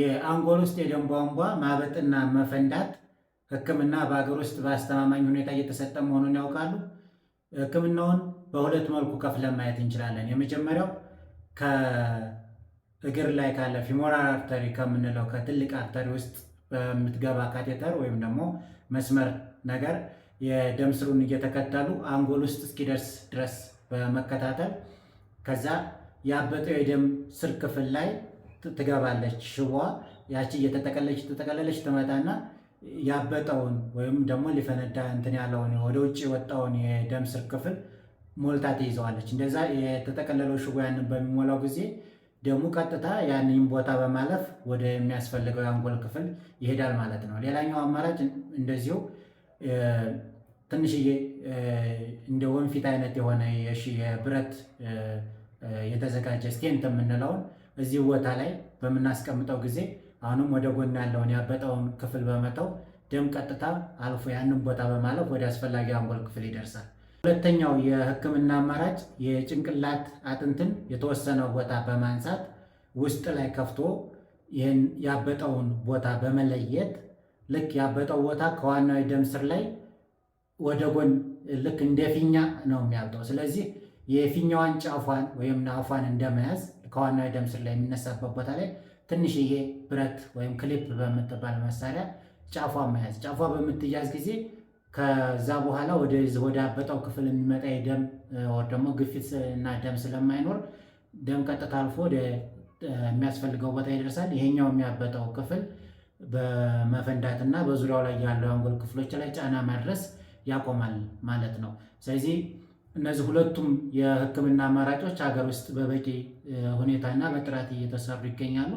የአንጎል ውስጥ የደም ቧንቧ ማበጥና መፈንዳት ሕክምና በሀገር ውስጥ በአስተማማኝ ሁኔታ እየተሰጠ መሆኑን ያውቃሉ? ሕክምናውን በሁለት መልኩ ከፍለን ማየት እንችላለን። የመጀመሪያው ከእግር ላይ ካለ ፊሞራል አርተሪ ከምንለው ከትልቅ አርተሪ ውስጥ በምትገባ ካቴተር ወይም ደግሞ መስመር ነገር የደም ስሩን እየተከተሉ አንጎል ውስጥ እስኪደርስ ድረስ በመከታተል ከዛ ያበጠው የደም ስር ክፍል ላይ ትገባለች ሽቧ ያቺ እየተጠቀለች ተጠቀለለች ትመጣና ያበጠውን ወይም ደግሞ ሊፈነዳ እንትን ያለውን ወደ ውጭ የወጣውን የደም ስር ክፍል ሞልታ ትይዘዋለች። እንደዛ የተጠቀለለው ሽቦ ያንን በሚሞላው ጊዜ ደሙ ቀጥታ ያንን ቦታ በማለፍ ወደ የሚያስፈልገው የአንጎል ክፍል ይሄዳል ማለት ነው። ሌላኛው አማራጭ እንደዚሁ ትንሽዬ እንደ ወንፊት አይነት የሆነ የብረት የተዘጋጀ ስቴንት የምንለውን እዚህ ቦታ ላይ በምናስቀምጠው ጊዜ አሁንም ወደ ጎን ያለውን ያበጠውን ክፍል በመተው ደም ቀጥታ አልፎ ያንን ቦታ በማለፍ ወደ አስፈላጊ አንጎል ክፍል ይደርሳል። ሁለተኛው የህክምና አማራጭ የጭንቅላት አጥንትን የተወሰነ ቦታ በማንሳት ውስጥ ላይ ከፍቶ ይህን ያበጠውን ቦታ በመለየት ልክ ያበጠው ቦታ ከዋናው የደም ስር ላይ ወደ ጎን ልክ እንደ ፊኛ ነው የሚያብጠው። ስለዚህ የፊኛዋን ጫፏን ወይም ናፏን እንደመያዝ ከዋናው የደም ስር ላይ የሚነሳበት ቦታ ላይ ትንሽዬ ብረት ወይም ክሊፕ በምትባል መሳሪያ ጫፏን መያዝ። ጫፏ በምትያዝ ጊዜ ከዛ በኋላ ወደ አበጣው ክፍል የሚመጣ የደም ደግሞ ግፊት እና ደም ስለማይኖር ደም ቀጥታ አልፎ ወደ የሚያስፈልገው ቦታ ይደርሳል። ይሄኛው የሚያበጣው ክፍል በመፈንዳት እና በዙሪያው ላይ ያለው የአንጎል ክፍሎች ላይ ጫና ማድረስ ያቆማል ማለት ነው። ስለዚህ እነዚህ ሁለቱም የሕክምና አማራጮች ሀገር ውስጥ በበቂ ሁኔታና በጥራት እየተሰሩ ይገኛሉ።